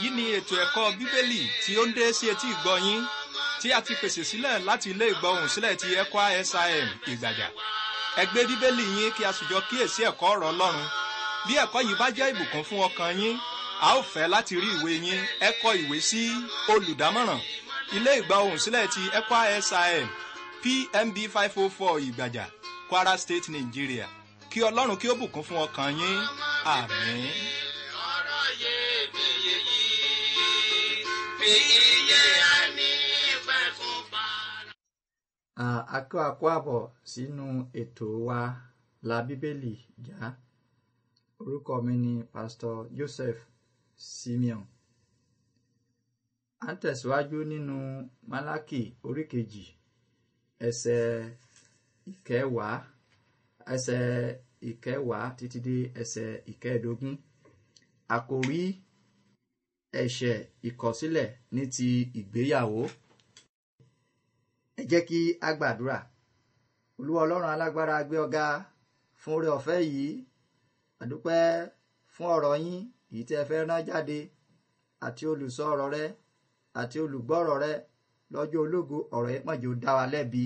èyí ni ètò ẹ̀kọ́ bíbélì tí ó ń dé sí etí ìgbọ́ yín tí a ti pèsè sílẹ̀ láti ilé ìgbọ́hùn sílẹ̀ ti ECWA SIM ìgbàjà ẹ bíbélì yín kí a sì jọ kíyèsí ẹ̀kọ́ ọ̀rọ̀ ọlọ́run bí ẹ̀kọ́ yìí bá jẹ́ ìbùkún fún ọkàn yín a ó fẹ́ láti rí ìwé yín ẹ kọ ìwé sí olùdámọ̀ràn ilé ìgbọ́hùn sílẹ̀ ti ECWA SIM PMB five oh four ìgbàjà Kwara State Nigeria kí ọlọ́run kí ó bùkún fún ọkàn yín àmín. ọ̀rọ̀ akọ́ akọ́ àbọ̀ sínú ètò wa la bíbélì já orúkọ mi ni pastor Joseph Simeon à ń tẹ̀síwájú nínú Málákì orí kejì ẹsẹ̀ ìkẹwàá ẹsẹ̀ ìkẹwàá títí dé ẹsẹ̀ ìkẹẹ̀dógún àkòrí ẹ̀ṣẹ̀ ìkọ̀sílẹ̀ ní ti ìgbéyàwó. ẹ jẹ́ kí a gbàdúrà olúwa ọlọ́run alágbára gbé ọ̀gá fún oore ọ̀fẹ́ yìí àdúpẹ́ fún ọ̀rọ̀ yín èyí tí ẹ fẹ́ rán jáde àti olùsọ ọ̀rọ̀ rẹ àti olùgbọ́rọ̀ rẹ lọ́jọ́ ológo ọ̀rọ̀ yìí pọ̀jù dá wa lẹ́bi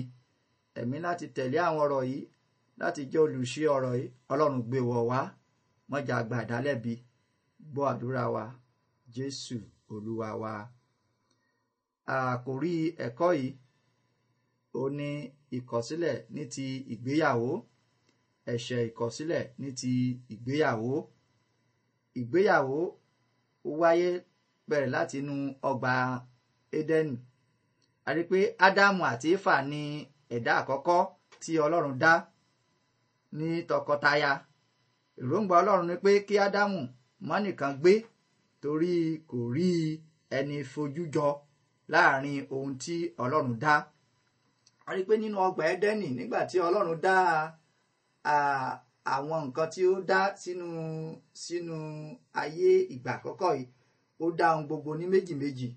ẹ̀mí láti tẹ̀lé àwọn ọ̀rọ̀ yìí láti jẹ́ olùṣe ọ̀rọ̀ yìí ọlọ́run gbé wọ̀ wá mọ́jà àgbà gbọ́ àdúrà wa jésù olúwa wa àkòrí ẹ̀kọ́ yìí ó ní ìkọ̀sílẹ̀ ní ti ìgbéyàwó ẹ̀ṣẹ̀ ìkọ̀sílẹ̀ ní ti ìgbéyàwó ìgbéyàwó wáyé bẹ̀rẹ̀ láti inú ọgbà édẹ́nì a rí pé ádámù àti éfà ni ẹ̀dá àkọ́kọ́ tí ọlọ́run dá ní tọkọtaya èròǹgbà ọlọ́run ni pé kí ádámù má gbé torí kò rí ẹni fojú jọ láàrin ohun tí ọlọ́run dá a rí i pé nínú ọgbà ẹdẹ́nì nígbà tí ọlọ́run dá àwọn nǹkan tí ó dá sínú sínú ayé ìgbà àkọ́kọ́ yìí ó dá ohun gbogbo ní méjì méjì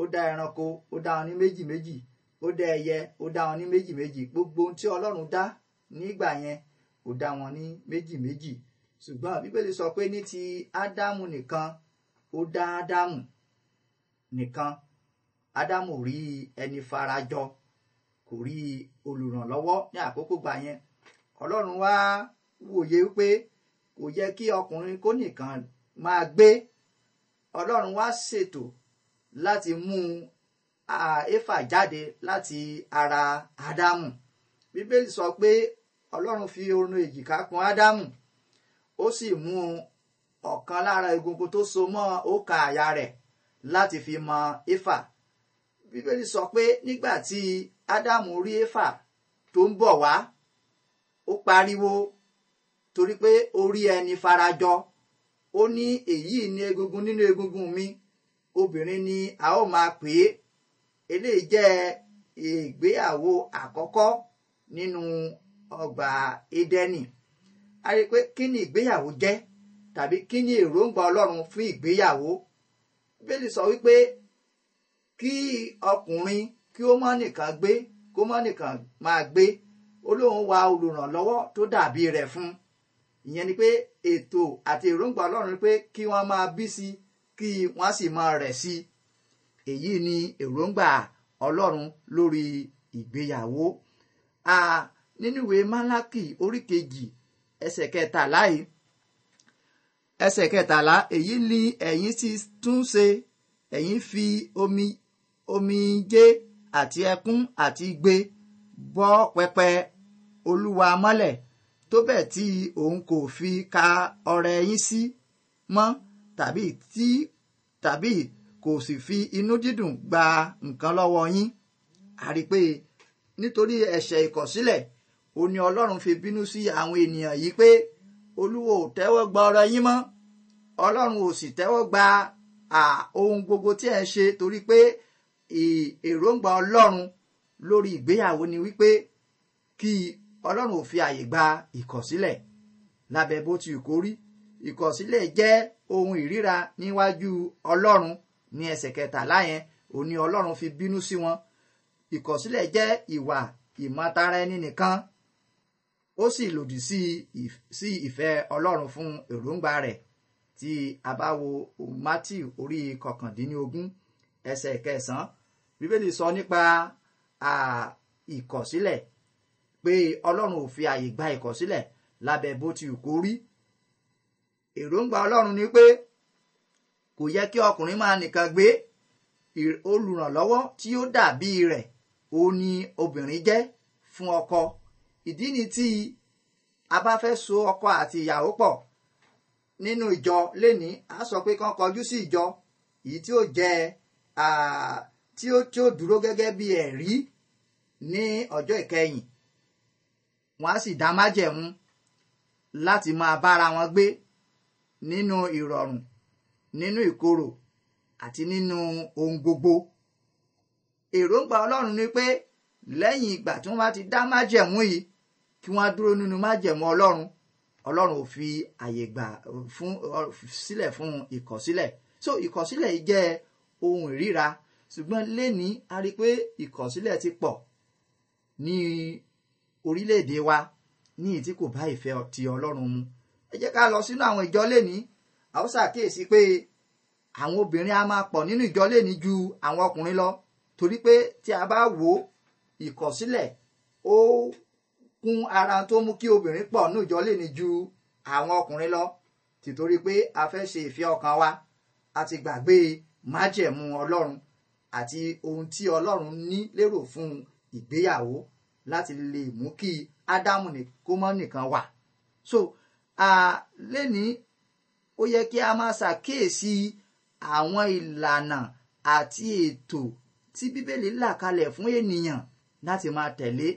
ó dá ẹranko ó dá wọn ní méjì méjì ó dá ẹyẹ ó dá wọn ní méjì méjì gbogbo ohun tí ọlọ́run dá nígbà yẹn ó dá wọn ní méjì ṣùgbọ́n bíbélì sọ pé ní ti ádámù nìkan ó dá ádámù nìkan ádámù rí ẹni farajọ kò rí olùrànlọ́wọ́ ní àkókò gbà yẹn ọlọ́run wá wòye wípé kò yẹ kí ọkùnrin kó nìkan máa gbé ọlọ́run wá ṣètò láti mú éfà jáde láti ara ádámù bíbélì sọ pé ọlọ́run fi orun èjìká kùn ádámù ó sì mú ọ̀kan lára egungun tó so mọ́ òkà àyà rẹ̀ láti fi mọ ifa bíbélì sọ pé nígbà tí ádámù rí éfà tó ń bọ̀ wá ó pariwo torí pé ó rí ẹni farajọ ó ní èyí ni egungun nínú egungun mi obìnrin ni a ó máa pè é eléyìí jẹ́ ìgbéyàwó àkọ́kọ́ nínú ọgbà Édẹ́nì a rí i pé kí ni ìgbéyàwó jẹ́ tàbí kí ni èròǹgbà ọlọ́run fún ìgbéyàwó bíbélì sọ wípé kí ọkùnrin kí ó má nìkan gbé kó má nìkan máa gbé olóhùn wa olùrànlọ́wọ́ tó dàbí rẹ̀ fún ìyẹn ni pé ètò àti èròǹgbà ọlọ́run ni pé kí wọ́n máa bí sí kí wọ́n sì máa rẹ̀ sí èyí ni èròǹgbà ọlọ́run lórí ìgbéyàwó a nínú ìwé málákì orí kejì ẹsẹ̀ kẹtàlá yìí ẹsẹ̀ kẹtàlá èyí ni ẹ̀yin ti tún ṣe ẹ̀yin fi omi omijé àti ẹkún àti igbe bọ́ pẹpẹ olúwa mọ́lẹ̀ tó bẹ́ẹ̀ tí òun kò fi ka ọrẹ yín sí mọ́ tàbí tí tàbí kò sì fi inú dídùn gba nǹkan lọ́wọ́ yín àrí pé nítorí ẹ̀ṣẹ̀ ìkọ̀sílẹ̀ ó ní ọlọ́run fi bínú sí àwọn ènìyàn yìí pé olúwo ò tẹ́wọ́ gba ọ̀rọ̀ yín mọ́ ọlọ́run ò sì tẹ́wọ́ gba ohun gbogbo tí ẹ̀ ń ṣe torí pé èròǹgbà ọlọ́run lórí ìgbéyàwó ni wípé kí ọlọ́run ò fi àyè gba ìkọ̀sílẹ̀ lábẹ́ bó ti kó rí ìkọ̀sílẹ̀ jẹ́ ohun ìríra níwájú ọlọ́run ní ẹsẹ̀ kẹtàlá yẹn òní ọlọ́run fi bínú sí wọn ìkọ̀sílẹ̀ jẹ́ ìwà ìmọ̀tara ẹni nìkan ó sì lòdì sí ìfẹ́ ọlọ́run fún èròǹgbà rẹ̀ tí a bá wo matthew orí kọkàndínlógún ẹsẹ̀ kẹsàn-án bíbélì sọ nípa ìkọ̀sílẹ̀ pé ọlọ́run ò fi àyè gba ìkọ̀sílẹ̀ lábẹ́ bó ti kó rí èròǹgbà ọlọ́run ni pé kò yẹ kí ọkùnrin máa nìkan gbé olùrànlọ́wọ́ tí ó dàbí rẹ̀ ó ní obìnrin jẹ́ fún ọkọ ìdí ni tí a bá fẹ́ so ọkọ àti ìyàwó pọ̀ nínú ìjọ lẹ́ni a sọ pé kán kọjú sí ìjọ èyí tí ó jẹ́ tí ó tí ó dúró gẹ́gẹ́ bí ẹ̀rí ní ọjọ́ ìkẹyìn wọ́n á sì dá májẹ̀mú láti máa bára wọn gbé nínú ìrọ̀rùn nínú ìkorò àti nínú ohun gbogbo èròǹgbà Ọlọ́run ni pé lẹ́yìn ìgbà tí wọ́n bá ti dá májẹ̀mú yìí kí wọ́n á dúró nínú májẹ̀mú ọlọ́run ọlọ́run ò fi àyè gbà fún sílẹ̀ fún ìkọ̀sílẹ̀ so ìkọ̀sílẹ̀ yìí jẹ́ ohun ìríra ṣùgbọ́n lénìí a rí i pé ìkọ̀sílẹ̀ ti pọ̀ ní orílẹ̀-èdè wa ní ìtí kò bá ìfẹ́ ti ọlọ́run mu ẹ jẹ́ ká lọ sínú àwọn ìjọ lénìí a ó ṣàkíyèsí pé àwọn obìnrin a máa pọ̀ nínú ìjọ lénìí ju àwọn ọkùnrin lọ torí pé tí a bá wò ó ìkọ̀sílẹ̀ kún ara tó mú kí obìnrin pọ̀ nù ìjọ lè ní ju àwọn ọkùnrin lọ tìtorí pé a fẹ́ ṣe ìfẹ́ ọkàn wa a ti gbàgbé májẹ̀mú ọlọ́run àti ohun tí ọlọ́run ní lérò fún ìgbéyàwó láti lè mú kí ádámù kó mọ́ nìkan wà so lẹ́ni ó yẹ kí a máa ṣàkíyèsí àwọn ìlànà àti ètò tí bíbélì là kalẹ̀ fún ènìyàn láti máa tẹ̀lé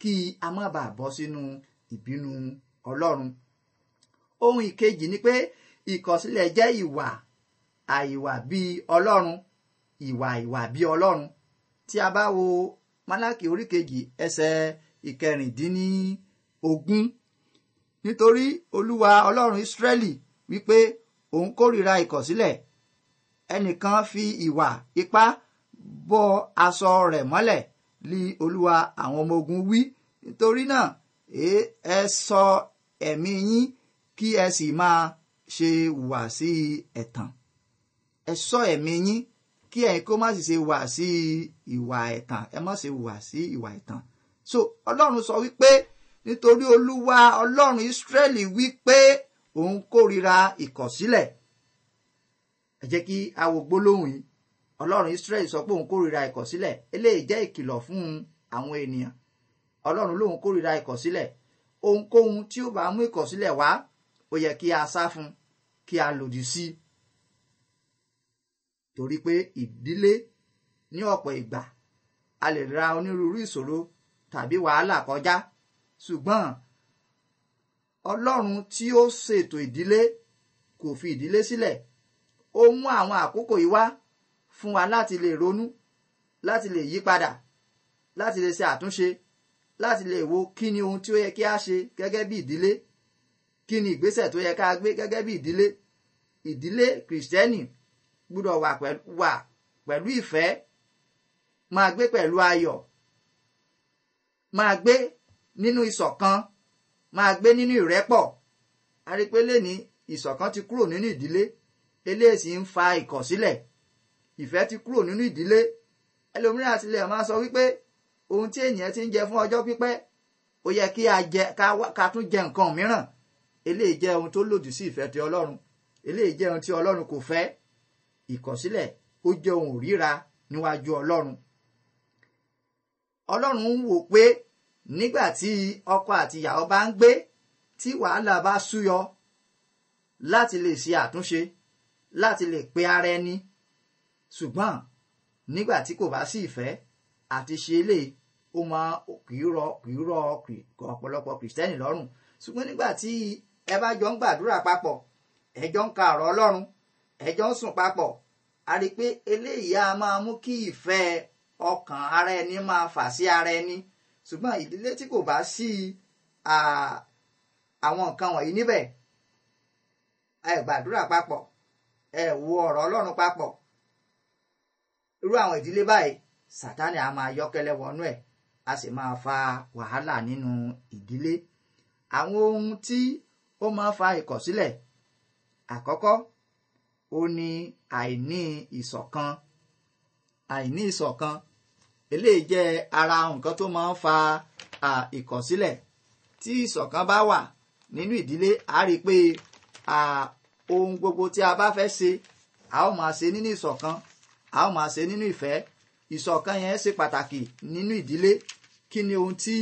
kí a má bàa bọ́ sínú ìbínú ọlọ́run. ohun ìkejì ni pé ìkọ̀sílẹ̀ jẹ́ ìwà àìwà bíi ọlọ́run ìwà ìwà bíi ọlọ́run tí a bá wo Málákì orí kejì ẹsẹ̀ ìkẹrìndínlógún nítorí olúwa ọlọ́run Ísírẹ́lì wípé òun kórìíra ìkọ̀sílẹ̀ ẹnìkan fi ìwà ipá bọ́ aṣọ rẹ̀ mọ́lẹ̀ lí olúwa àwọn ọmọ ogun wí nítorí náà ẹ sọ ẹ̀mí yín kí ẹ sì máa ṣe wà sí ẹ̀tàn ẹ sọ ẹ̀mí yín kí ẹ̀yin kó má sì ṣe wà sí ìwà ẹ̀tàn ẹ má ṣe wà sí ìwà ẹ̀tàn so ọlọ́run sọ wípé nítorí olúwa ọlọ́run ìsírẹ́lì wípé òun kórira ìkọ̀sílẹ̀ ẹ jẹ́ kí a wo gbólóhùn yìí ọlọ́run israẹli sọ pé òun kórìíra ìkọ̀sílẹ̀ eléyìí jẹ́ ìkìlọ̀ fún àwọn ènìyàn ọlọ́run lòun kórìíra ìkọ̀sílẹ̀ ohunkóhun tí ó bá mú ìkọ̀sílẹ̀ wá ó yẹ kí a sá fún kí a lòdì sí i torí pé ìdílé ní ọ̀pọ̀ ìgbà a lè ra onírúurú ìṣòro tàbí wàhálà kọjá ṣùgbọ́n ọlọ́run tí ó ṣètò ìdílé kò fi ìdílé sílẹ̀ ó mú àwọn àkókò yìí wá fún wa láti lè ronú láti lè yí padà láti lè ṣe àtúnṣe láti lè wo kí ni ohun tí ó yẹ kí a ṣe gẹ́gẹ́ bí ìdílé kí ni ìgbésẹ̀ tó yẹ ká gbé gẹ́gẹ́ bí ìdílé ìdílé kìrìsìtẹ́nì gbúdọ̀ wà pẹ̀lú ìfẹ́ máa gbé pẹ̀lú ayọ̀ máa gbé nínú ìṣọ̀kan máa gbé nínú ìrẹ́pọ̀ a rí pé lẹ́ni ìṣọ̀kan ti kúrò nínú ìdílé eléyìí sì ń fa ìkọ̀sílẹ̀ ìfẹ́ ti kúrò nínú ìdílé ẹlòmíràn tilẹ̀ máa sọ wípé ohun tí ènìyàn ti ń jẹ fún ọjọ́ pípẹ́ ó yẹ kí a jẹ ká tún jẹ nǹkan mìíràn eléyìí jẹ́ ohun tó lòdì sí ìfẹ́ ti ọlọ́run eléyìí jẹ́ ohun tí ọlọ́run kò fẹ́ ìkọ̀sílẹ̀ ó jẹ́ ohun ríra níwájú ọlọ́run ọlọ́run ń wò pé nígbà tí ọkọ àti ìyàwó bá ń gbé tí wàhálà bá súyọ láti lè ṣe àtúnṣe láti lè pe ara ẹni ṣùgbọ́n nígbà tí kò bá sí ìfẹ́ àti ṣe lè ó máa kì í rọ kì í rọ ọ̀pọ̀lọpọ̀ kìrìsìtẹ́nì lọ́rùn ṣùgbọ́n nígbà tí ẹ bá jọ ń gbàdúrà papọ̀ ẹ jọ ń ka ọ̀rọ̀ ọlọ́run ẹ jọ ń sùn papọ̀ a rí i pé eléyìí á máa mú kí ìfẹ́ ọkàn ara ẹni máa fà sí ara ẹni ṣùgbọ́n ìdílé tí kò bá sí àwọn nǹkan wọ̀nyí níbẹ̀ ẹ gbàdúrà papọ̀ ẹ wo ọ̀rọ̀ ọlọ́run papọ̀ irú àwọn ìdílé báyìí sátánì á máa yọ́kẹ́lẹ́ wọnú ẹ̀ a sì máa fa wàhálà nínú ìdílé àwọn ohun tí ó máa fa ìkọ̀sílẹ̀ àkọ́kọ́ ó ní àìní ìṣọ̀kan àìní ìṣọ̀kan eléyìí jẹ́ ara nǹkan tó máa ń fa ìkọ̀sílẹ̀ tí ìṣọ̀kan bá wà nínú ìdílé a rí i pé ohun gbogbo tí a bá fẹ́ ṣe a ó máa ṣe nínú ìṣọ̀kan a ó máa ṣe nínú ìfẹ́ ìṣọ̀kan yẹn ṣe pàtàkì nínú ìdílé kí ni ohun tí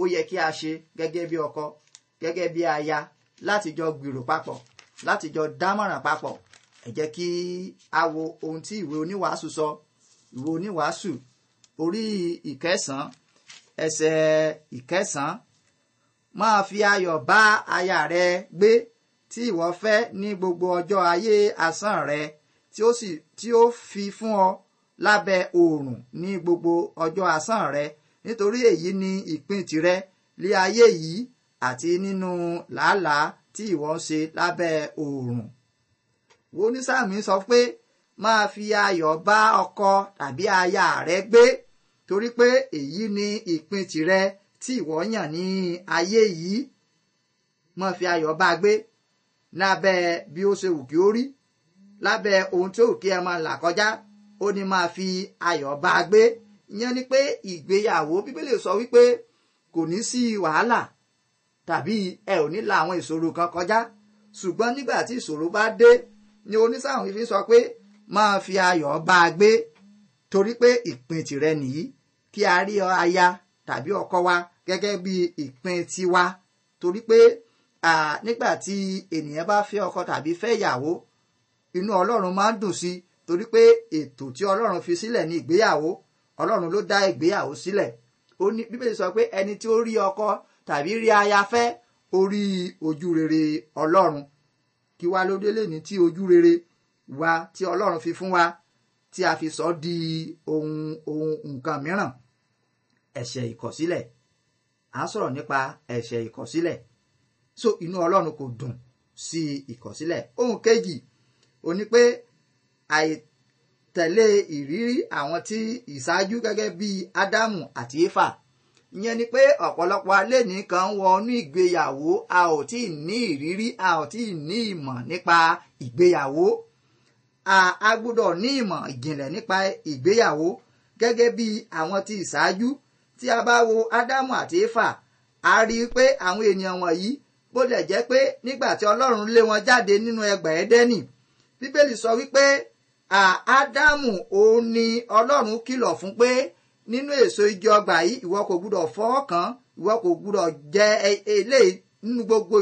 ó yẹ kí a ṣe gẹ́gẹ́ bí ọkọ gẹ́gẹ́ bí aya láti jọ gbèrò papọ̀ láti jọ dámọ̀ràn papọ̀ ẹ jẹ́ kí a wo ohun tí ìwé oníwàásù sọ ìwé oníwàásù orí ìkẹsàn-án ẹsẹ̀ ìkẹsàn-án máa fi ayọ̀ bá aya rẹ gbé tí ìwọ fẹ́ ní gbogbo ọjọ́ ayé asán rẹ tí ó sì tí ó fi fún ọ lábẹ́ oòrùn ní gbogbo ọjọ́ asán rẹ nítorí èyí ni ìpín tìrẹ lé ayé yìí àti nínú làálàá tí ìwọ ń ṣe lábẹ́ oòrùn. wo ní sáàmì sọ pé máa fi ayọ̀ bá ọkọ tàbí aya rẹ gbé torí pé èyí ni ìpín tìrẹ tí ìwọ yàn ní ayé yìí máa fi ayọ̀ bá gbé lábẹ́ bí ó ṣe wù kí ó rí lábẹ́ ohun tí ó kí ẹ máa là kọjá ó ní máa fi ayọ̀ bá a gbé ìyẹn ni pé ìgbéyàwó bíbélì sọ wípé kò ní sí wàhálà tàbí ẹ ò ní la àwọn ìṣòro kan kọjá ṣùgbọ́n nígbà tí ìṣòro bá dé ni onísàwọn fi sọ pé máa fi ayọ̀ bá a gbé torí pé ìpín tìrẹ nìyí kí a rí aya tàbí ọkọ wa gẹ́gẹ́ bí ìpín tiwa torí pé nígbà tí ènìyàn bá fẹ́ ọkọ tàbí fẹ́ ìyàwó inú ọlọ́run máa ń dùn sí i torí pé ètò tí ọlọ́run fi sílẹ̀ ní ìgbéyàwó ọlọ́run ló dá ìgbéyàwó sílẹ̀ ó ní bíbélì sọ pé ẹni tí ó rí ọkọ tàbí rí aya fẹ́ orí ojú rere ọlọ́run kí wá ló délé ní tí ojú rere wa tí ọlọ́run fi fún wa tí a fi sọ di ohun ohun nǹkan mìíràn ẹ̀ṣẹ̀ ìkọ̀sílẹ̀ à ń sọ̀rọ̀ nípa ẹ̀ṣẹ̀ ìkọ̀sílẹ̀ so inú ọlọ́run kò dùn sí ìkọ̀sílẹ̀ ohun kejì ó ní pé àìtẹ̀lé ìrírí àwọn tí ìṣáájú gẹ́gẹ́ bí Ádámù àti Éfà ìyẹn ni pé ọ̀pọ̀lọpọ̀ alẹ́ nìkan wọnú ìgbéyàwó a ò tí ì ní ìrírí a ò tí ì ní ìmọ̀ nípa ìgbéyàwó a gbọ́dọ̀ ní ìmọ̀ ìjìnlẹ̀ nípa ìgbéyàwó gẹ́gẹ́ bí àwọn tí ìṣáájú tí a bá wo Ádámù àti Éfà a rí i pé àwọn ènìyàn wọ̀nyí bó lẹ̀ jẹ́ pé nígbà tí Ọlọ́run lé wọn jáde nínú ẹgbà bíbélì sọ wípé ádámù òun ni ọlọ́run kìlọ̀ fún pé nínú èso igi ọgbà yìí ìwọ kò gbúdọ̀ fọwọ́ kàn ìwọ kò gbúdọ̀ jẹ e, eléyìí nínú gbogbo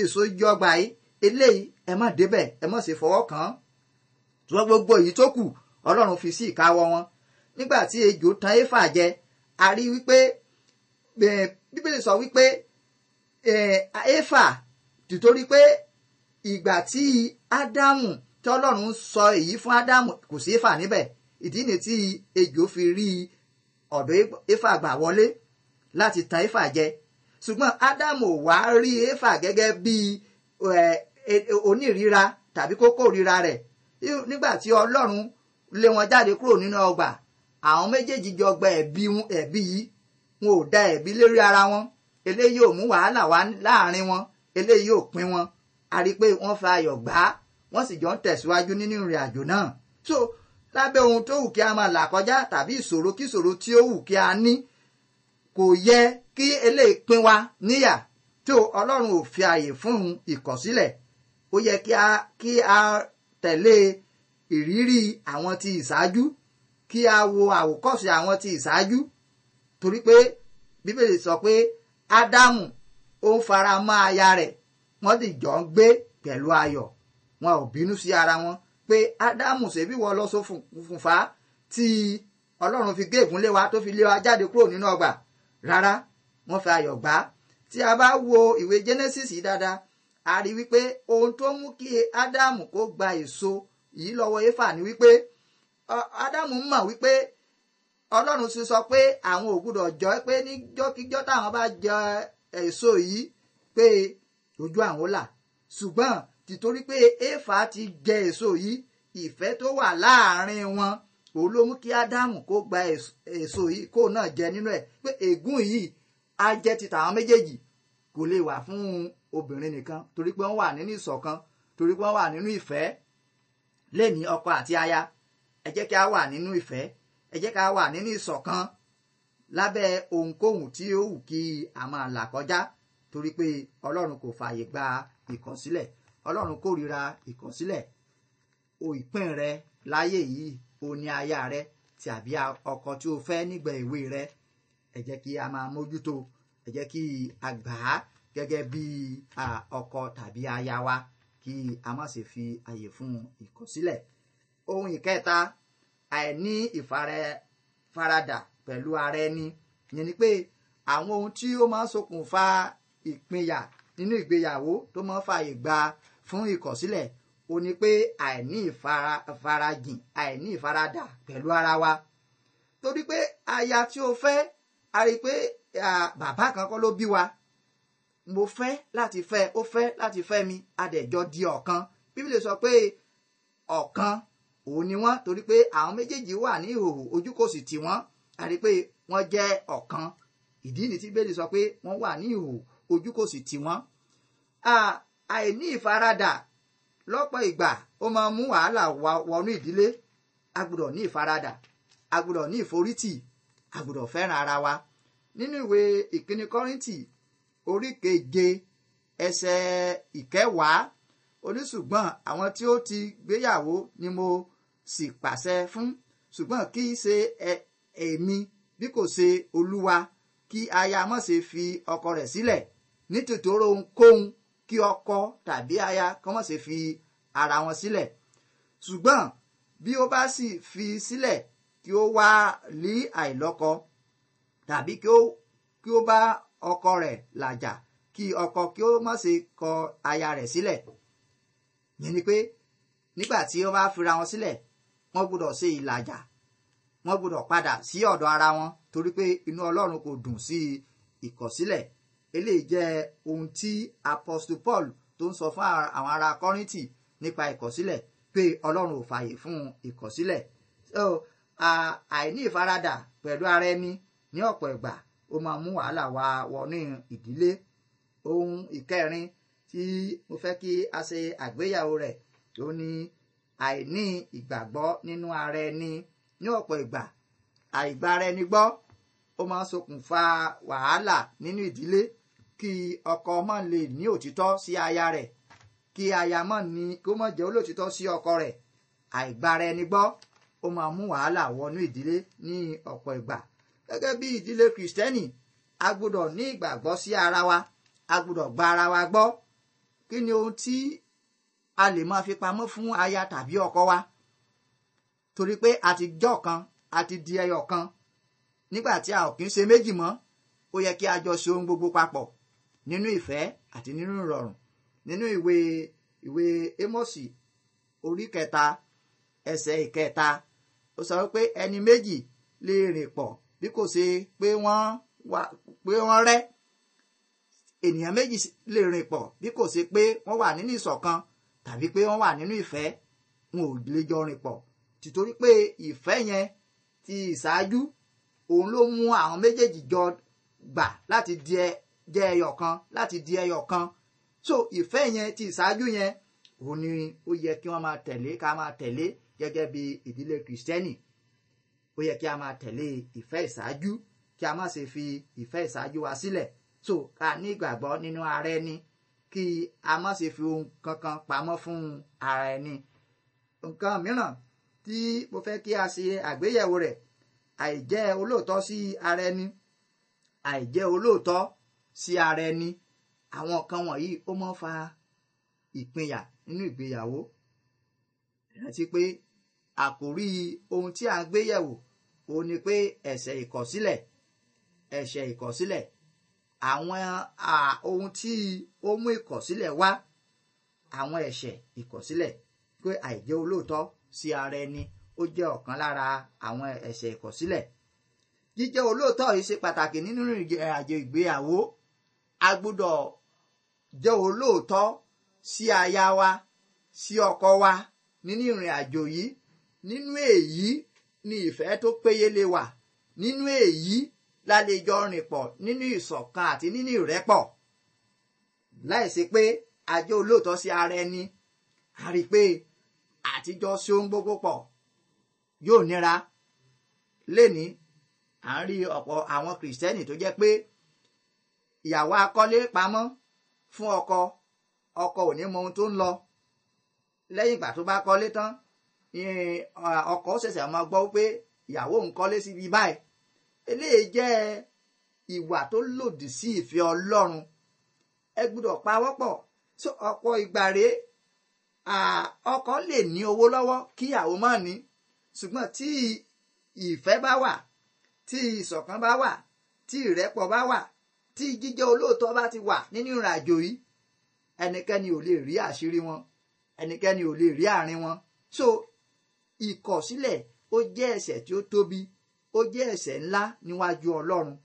èso igi ọgbà yìí eléyìí ẹ má débẹ̀ ẹ má sì fọwọ́ kàn ṣùgbọ́n gbogbo èyí tó kù ọlọ́run fi sí ìkáwọ́ wọn nígbà tí ejò tan éfà jẹ a rí wípé bíbélì sọ wípé éfà tìtorí pé ìgbà tí ádámù tí ọlọ́run sọ èyí fún ádámù kò sí éfà níbẹ̀ ìdí ni tí ejò fi rí ọ̀dọ̀ éfà gbà wọlé láti tan éfà jẹ ṣùgbọ́n ádámù wá rí éfà gẹ́gẹ́ bí e, e, onírira tàbí kókó ríra rẹ̀ nígbà tí ọlọ́run lé wọn jáde kúrò nínú ọgbà àwọn méjèèjì jọ gba ẹ̀bi ẹ̀bi yìí wọn ò da ẹ̀bi lérí ara wọn eléyìí ò mú wàhálà wá láàrin wọn eléyìí ò pín wọn a rí i pé wọ́n fa ayọ̀ gbà wọ́n sì jọ ń tẹ̀síwájú nínú ìrìn àjò náà so lábẹ́ ohun tó wù kí a máa là kọjá tàbí ìṣòro kí ìṣòro tí ó wù kí a ní kò yẹ kí eléyìí pín wa níyà tó ọlọ́run ò fi àyè fún ìkọ̀sílẹ̀ ó yẹ kí a kí tẹ̀lé ìrírí àwọn ti ìṣáájú kí a wo àwòkọ́ṣe àwọn ti ìṣáájú torí pé bíbélì sọ pé ádámù ó fara mọ́ aya rẹ̀ wọ́n sì jọ ń gbé pẹ̀lú ayọ̀ wọn ò bínú sí ara wọn pé ádámù ṣèbí wọ́n lọ sófùnfà tí ọlọ́run fi gbé ìgúnlé wa tó fi lé wa jáde kúrò nínú ọgbà rárá wọ́n fi ayọ̀ gbà tí a bá wo ìwé genesis yìí dáadáa a rí wípé ohun tó mú kí ádámù kó gba èso yìí lọ́wọ́ éfà ni wípé ádámù mọ̀ wípé ọlọ́run ti sọ pé àwọn ò gbúdọ̀ jọ pé níjọ́kíjọ́ táwọn bá jẹ èso yìí pé ojú àwọn là ṣùgbọ́n tìtorí pé éfà ti jẹ èso yìí ìfẹ́ tó wà láàrin wọn òun ló mú kí ádámù kó gba èso yìí kó náà jẹ nínú ẹ̀ pé ègún yìí á jẹ́ ti tàwọn méjèèjì kò lè wà fún obìnrin nìkan torí pé wọ́n wà nínú ìṣọ̀kan torí pé wọ́n wà nínú ìfẹ́ lẹ́ni ọkọ àti aya ẹ jẹ́ kí a wà nínú ìfẹ́ ẹ jẹ́ ká wà nínú ìṣọ̀kan lábẹ́ ohunkóhun tí ó wù kí a máa là kọjá torí pé ọlọ́run kò fààyè gba ìkọ̀sílẹ̀ ọlọ́run kórìíra ìkọ̀sílẹ̀ o ìpín rẹ láyé yìí o ní aya rẹ tàbí ọkọ tí o fẹ́ nígbà ìwé rẹ ẹ jẹ́ kí a máa mójútó ẹ jẹ́ kí a gbà á gẹ́gẹ́ bí ọkọ tàbí aya wa kí a má ṣe fi àyè fún ìkọ̀sílẹ̀ ohun ìkẹta àìní ìfaradà pẹ̀lú ara ẹni yẹn ni pé àwọn ohun tí ó máa ń ṣokùnfà ìpínyà nínú ìgbéyàwó tó máa ń fa ìgbà tún ikọ̀ sílẹ̀ ó ní pé àìní ìfarajìn àìní ìfaradà pẹ̀lú ara wa torí pé aya tí o fẹ́ a rí i pé bàbá kan kọ́ ló bí wa mo fẹ́ láti fẹ́ ó fẹ́ láti fẹ́ mi adẹ̀jọ di ọ̀kan bíbélì sọ pé ọ̀kan òun ni wọ́n torí pé àwọn méjèèjì wà ní ìhòòhò ojú kò sì tì wọ́n a rí i pé wọ́n jẹ́ ọ̀kan ìdí ni tí bíbélì sọ pé wọ́n wà ní ìhòòhò ojú kò sì tì wọ́n àìní ìfaradà lọ́pọ̀ ìgbà ó máa mú wàhálà wọnú ìdílé a gbọ́dọ̀ ní ìfaradà a gbọ́dọ̀ ní ìforítì a gbọ́dọ̀ fẹ́ràn ara wa nínú ìwé ìkíni kọ́rìntì orí keje ẹsẹ̀ ìkẹwàá oníṣùgbọ́n àwọn tí ó ti gbéyàwó ni mo sì pàṣẹ fún ṣùgbọ́n kì í ṣe èmi bí kò ṣe olúwa kí aya má fi ọkọ rẹ̀ sílẹ̀ nítòtòrò ohunkóhun kí ọkọ tàbí aya kán mọ̀ sí fi ara wọn sílẹ̀ ṣùgbọ́n bí ó bá sì fi sílẹ̀ kí ó wá lé àìlọ́kọ tàbí kí ó bá ọkọ rẹ̀ làjà kí ọkọ kí ó má ṣe kọ aya rẹ̀ sílẹ̀ yẹn ni pé nígbà tí ó bá fira wọn sílẹ̀ wọ́n gbọ́dọ̀ ṣe ìlàjà wọ́n gbọ́dọ̀ padà sí ọ̀dọ̀ ara wọn torí pé inú Ọlọ́run kò dùn sí ìkọ̀sílẹ̀ eléyìí jẹ́ ohun tí apostle paul tó ń sọ fún àwọn ará kọ́rìntì nípa ìkọ̀sílẹ̀ pé ọlọ́run ò fààyè fún ìkọ̀sílẹ̀ so àìní ìfaradà pẹ̀lú ara ẹni ní ọ̀pọ̀ ìgbà ó máa mú wàhálà wá wọnú ìdílé ohun ìkẹrin tí mo fẹ́ kí a ṣe àgbéyàwó rẹ̀ tó ní àìní ìgbàgbọ́ nínú ara ẹni ní ọ̀pọ̀ ìgbà àìgbára ẹni gbọ́ ó máa ń ṣokùnfà wàhálà nínú ìdílé kí ọkọ má lè ní òtítọ́ sí aya rẹ̀ kí aya má ní kó má jẹ́ olótítọ́ sí ọkọ rẹ̀ àìgbára ẹni gbọ́ ó máa mú wàhálà wọnú ìdílé ní ọ̀pọ̀ ìgbà gẹ́gẹ́ bí ìdílé kìrìsìtẹ́nì a gbọ́dọ̀ ní ìgbàgbọ́ sí ara wa a gbọ́dọ̀ gba ara wa gbọ́ kí ni ohun tí a lè máa fi pamọ́ fún aya tàbí ọkọ wa torí pé a ti jọ́ kan a ti di ẹyọ kan nígbà tí a ò kí ń ṣe méjì mọ́ ó yẹ kí a jọ ṣe ohun gbogbo papọ̀ nínú ìfẹ́ àti nínú ìrọ̀rùn nínú ìwé ìwé Ámósì orí kẹta ẹsẹ̀ ìkẹta ó sọ pé ẹni méjì lè rìn pọ̀ bí kò ṣe pé wọ́n wà pé wọ́n rẹ́ ènìyàn méjì lè rìn pọ̀ bí kò ṣe pé wọ́n wà nínú ìṣọ̀kan tàbí pé wọ́n wà nínú ìfẹ́ wọn ò lè jọ rìn pọ̀ tìtorí pé ìfẹ́ yẹn ti ìṣáájú òun ló mú àwọn méjèèjì jọ gbà láti di jẹ́ ẹyọ kan láti di ẹyọ kan so ìfẹ́ yẹn ti ìṣáájú yẹn òun ni ó yẹ kí wọ́n máa tẹ̀lé ká máa tẹ̀lé gẹ́gẹ́ bí ìdílé kìrìsìtẹ́nì ó yẹ kí a máa tẹ̀lé ìfẹ́ ìṣáájú kí a má ṣe fi ìfẹ́ ìṣáájú wa sílẹ̀ so ká ní ìgbàgbọ́ nínú ara ẹni kí a má ṣe fi ohun kankan pamọ́ fún ara ẹni nǹkan mìíràn tí mo fẹ́ kí a ṣe àgbéyẹ̀wò rẹ̀ àìjẹ́ olóòótọ́ sí ara ẹni àìjẹ́ olóòótọ́ sí ara ẹni àwọn kan wọ̀nyí ó mọ́ fa ìpínyà nínú ìgbéyàwó rántí pé àkòrí ohun tí a ń gbé yẹ̀wò òun ni pé ẹ̀ṣẹ̀ ìkọ̀sílẹ̀ ẹ̀ṣẹ̀ ìkọ̀sílẹ̀ àwọn ohun tí ó mú ìkọ̀sílẹ̀ wá àwọn ẹ̀ṣẹ̀ ìkọ̀sílẹ̀ pé àìjẹ́ olóòótọ́ sí ara ẹni ó jẹ́ ọ̀kan lára àwọn ẹ̀ṣẹ̀ ìkọ̀sílẹ̀ jíjẹ́ olóòótọ́ yìí ṣe pàtàkì nínú ìrìnàjò ìgbéyàwó a gbọ́dọ̀ jẹ́ olóòótọ́ sí aya wa sí ọkọ wa nínú ìrìn àjò yìí nínú èyí ni ìfẹ́ tó péye lè wà nínú èyí la lè jọ rìn pọ̀ nínú ìṣọ̀kan àti nínú ìrẹ́pọ̀ láìsí pé a jẹ́ olóòótọ́ sí ara ẹni a rí i pé àtijọ́ sí ohun gbogbo pọ̀ yóò nira lénìí à ń rí ọ̀pọ̀ àwọn kìrìsìtẹ́nì tó jẹ́ pé ìyàwó akọ́lé pamọ́ fún ọkọ ọkọ ò ní mọ ohun tó ń lọ lẹ́yìn ìgbà tó bá kọ́lé tán ọkọ ó ṣẹ̀ṣẹ̀ máa gbọ́ pé ìyàwó òun kọ́lé síbi báyìí eléyìí jẹ́ ìwà tó lòdì sí ìfẹ́ Ọlọ́run ẹ gbúdọ̀ pawọ́pọ̀ so ọ̀pọ̀ ìgbà rèé ọkọ lè ní owó lọ́wọ́ kí ìyàwó má ní ṣùgbọ́n tí ìfẹ́ bá wà tí ìṣọ̀kan bá wà tí ìrẹ́pọ̀ bá wà tí jíjẹ́ olóòótọ́ bá ti wà nínú ìrìn àjò yìí ẹnikẹ́ni ò lè rí àṣírí wọn ẹnikẹ́ni ò lè rí àárín wọn so ìkọ̀sílẹ̀ ó jẹ́ ẹ̀ṣẹ̀ tí ó tóbi ó jẹ́ ẹ̀ṣẹ̀ ńlá níwájú Ọlọ́run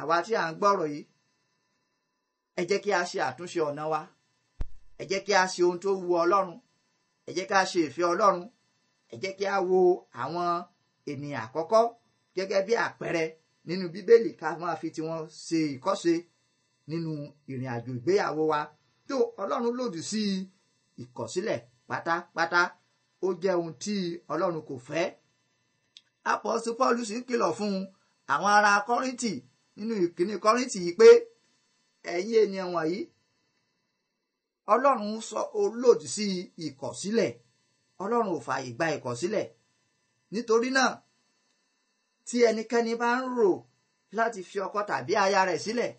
àwa tí à ń gbọ́rọ̀ yìí ẹ jẹ́ kí a ṣe àtúnṣe ọ̀nà wa ẹ jẹ́ kí a ṣe ohun tó wu Ọlọ́run ẹ jẹ́ kí a ṣe ìfẹ́ Ọlọ́run ẹ jẹ́ kí a wo àwọn ènìyàn àkọ́kọ́ gẹ́gẹ́ bí àpẹẹrẹ nínú bíbélì ká máa fi tiwọn ṣe ìkọ́ṣe nínú ìrìn àjò ìgbéyàwó wa tó ọlọ́run lòdì sí ìkọ̀sílẹ̀ pátápátá ó jẹ́ ohun tí ọlọ́run kò fẹ́. apọ́sí paul sì ń kìlọ̀ fún àwọn ará kọ́rìntì nínú ìkíní kọ́rìntì yìí pé ẹ̀yin ènìyàn wọ̀nyí ọlọ́run sọ ó lòdì sí ìkọ̀sílẹ̀ ọlọ́run ò fààyè gba ìkọ̀sílẹ̀ nítorí náà tí ẹnikẹ́ni bá ń rò láti fi ọkọ tàbí aya rẹ̀ sílẹ̀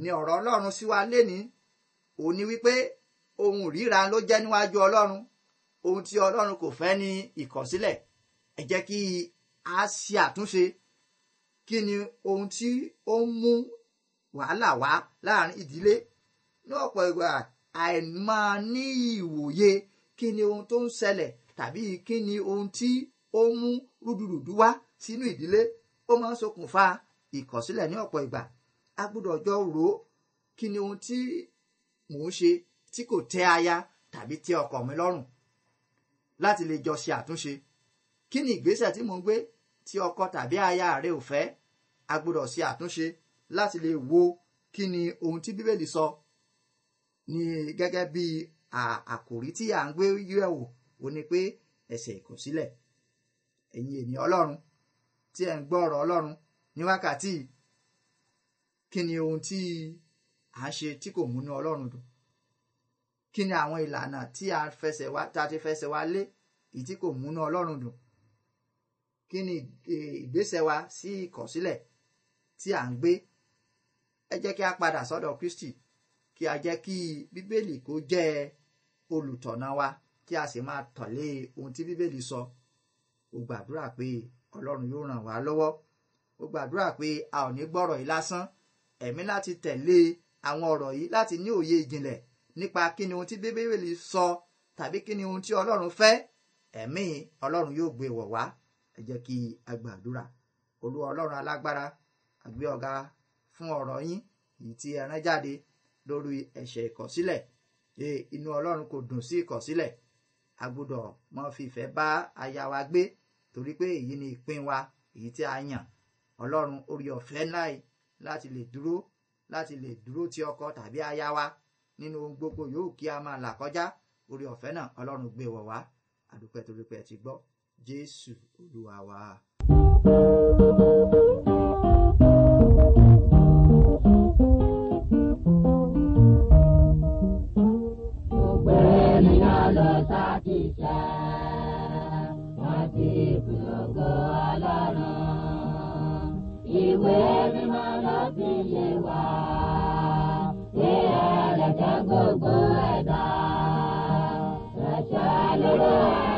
ni ọ̀rọ̀ ọlọ́run sí wa lénìí òun ni wípé ohun ríra ló jẹ́ níwájú ọlọ́run ohun tí ọlọ́run kò fẹ́ ní ìkọ̀sílẹ̀ ẹ jẹ́ kí a ṣe àtúnṣe kí ni ohun tí ó ń mú wàhálà wá láàrin ìdílé ní ọ̀pọ̀ ìgbà àìmọ́ ní ìwòye kí ni ohun tó ń ṣẹlẹ̀ tàbí kí ni ohun tí ó mú rúdurùdu wá sínú ìdílé ó máa ń ṣokùnfà ìkọ̀sílẹ̀ ní ọ̀pọ̀ ìgbà a gbọ́dọ̀ jọ rò ó kí ni ohun tí mò ń ṣe tí kò tẹ́ aya tàbí tẹ́ ọkọ mi lọ́rùn láti lè jọ ṣe àtúnṣe kí ni ìgbésẹ̀ tí mò ń gbé tí ọkọ tàbí aya rẹ ò fẹ́ a gbọ́dọ̀ ṣe àtúnṣe láti lè wo kí ni ohun tí bíbélì sọ ní gẹ́gẹ́ bí àkòrí tí à ń gbé yẹ̀wò ó ní pé ẹ̀ṣẹ̀ ìkọ̀sílẹ̀ ẹ̀yin ènìyàn ọlọ́run tí ẹ̀ ń gbọ́ ọ̀rọ̀ ọlọ́run ní wákàtí kí ni ohun tí à ń ṣe tí kò múnú ọlọ́run dùn kí ni àwọn ìlànà tí a fẹsẹ̀ wá tá a ti fẹsẹ̀ wá lé èyí tí kò múnú ọlọ́run dùn kí ni ìgbésẹ̀ wa sí ìkọ̀sílẹ̀ tí à ń gbé ẹ jẹ́ kí a padà sọ́dọ̀ Kristi kí a jẹ́ kí bíbélì kó jẹ́ olùtọ̀nà wa kí a sì máa tọ̀lé ohun tí bíbélì sọ ó gbàdúrà pé ọlọ́run yóò ràn wá lọ́wọ́ ó gbàdúrà pé a ò ní gbọ́rọ̀ yìí lásán ẹ̀mí láti tẹ̀lé àwọn ọ̀rọ̀ yìí láti ní òye ìjìnlẹ̀ nípa kí ni ohun tí bíbélì sọ tàbí kí ni ohun tí ọlọ́run fẹ́ ẹ̀mí ọlọ́run yóò gbé wọ̀ wá ẹ jẹ́ kí a gbàdúrà olúwa ọlọ́run alágbára àgbé ọ̀gá fún ọ̀rọ̀ yín èyí tí ẹ jáde lórí ẹ̀ṣẹ̀ ìkọ̀sílẹ̀ e inú ọlọ́run kò dùn sí ìkọ̀sílẹ̀ a mọ́ fìfẹ́ bá aya wa gbé torí pé èyí ni ìpín wa èyí tí a yàn ọlọ́run orí ọ̀fẹ́ ńlá yìí láti lè dúró láti lè dúró ti ọkọ tàbí aya wa nínú ohun gbogbo yòówù kí a máa là kọjá orí ọ̀fẹ́ náà ọlọ́run gbé wọ̀ wá àdúpẹ́ torí pé ẹ ti gbọ́ jésù olúwa wa. thank you ìwé mímọ́ lọ sí lè wá sí ẹlẹ́jẹ̀ gbogbo ẹ̀dá ẹ̀ṣẹ̀ lóró ẹ̀.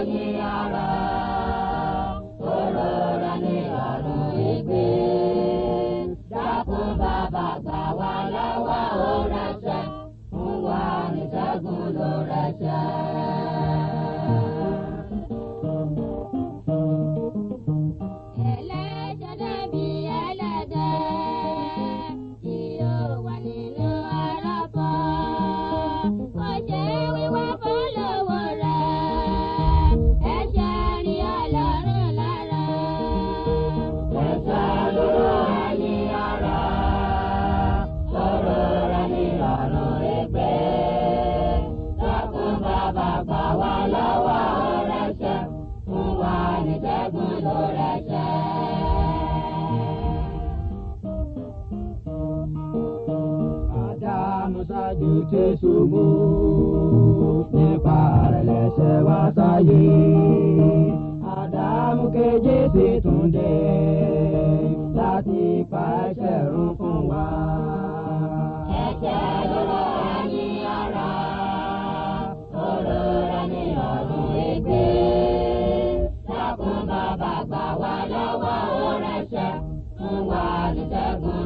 Canada.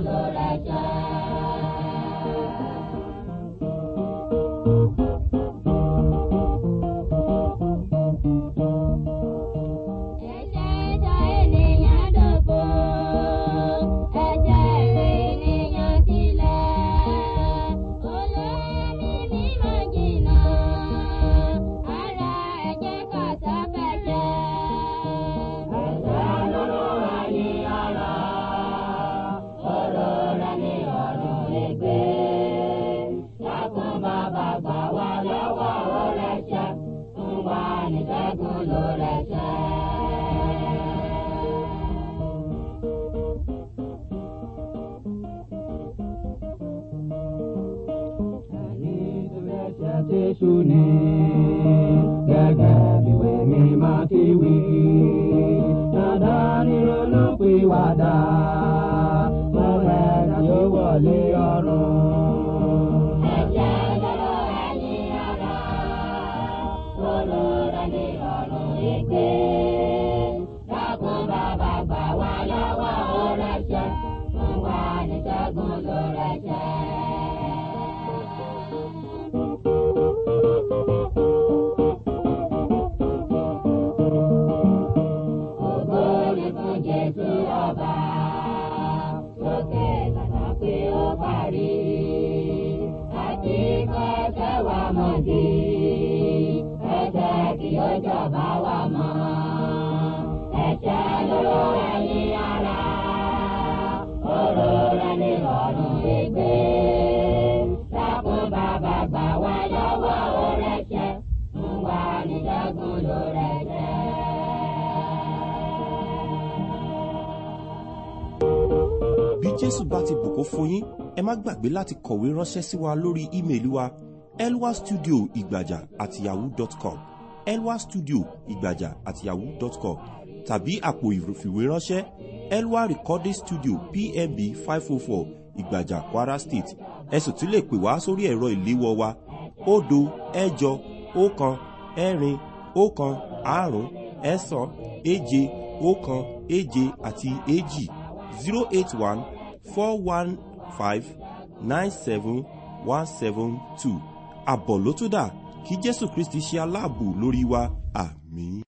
kéwì dandan ni ronú pìwàdà mọ̀rẹ́ tí ó wọlé ọ̀run. jésù bá ti bùkún fún yín ẹ má gbàgbé láti kọ̀wé ránṣẹ́ sí wa lórí ímeèlì wa elwastudio ìgbàjà at yahoo dot com elwastudio ìgbàjà at yahoo dot com tàbí àpò ìfìwéránṣẹ́ elwa recording studio pmb five oh four ìgbàjà kwara state ẹ sì tún lè pè wá sórí ẹ̀rọ ìléwọ́ wa òdo ẹ̀jọ ọ̀kan ẹ̀rin ọ̀kan àrún ẹ̀sán èje ọ̀kan èje àti èjì zero eight one four one five nine seven one seven two àbọ̀ ló tún dà kí jésù kristi ṣe aláàbò lórí wa àmín.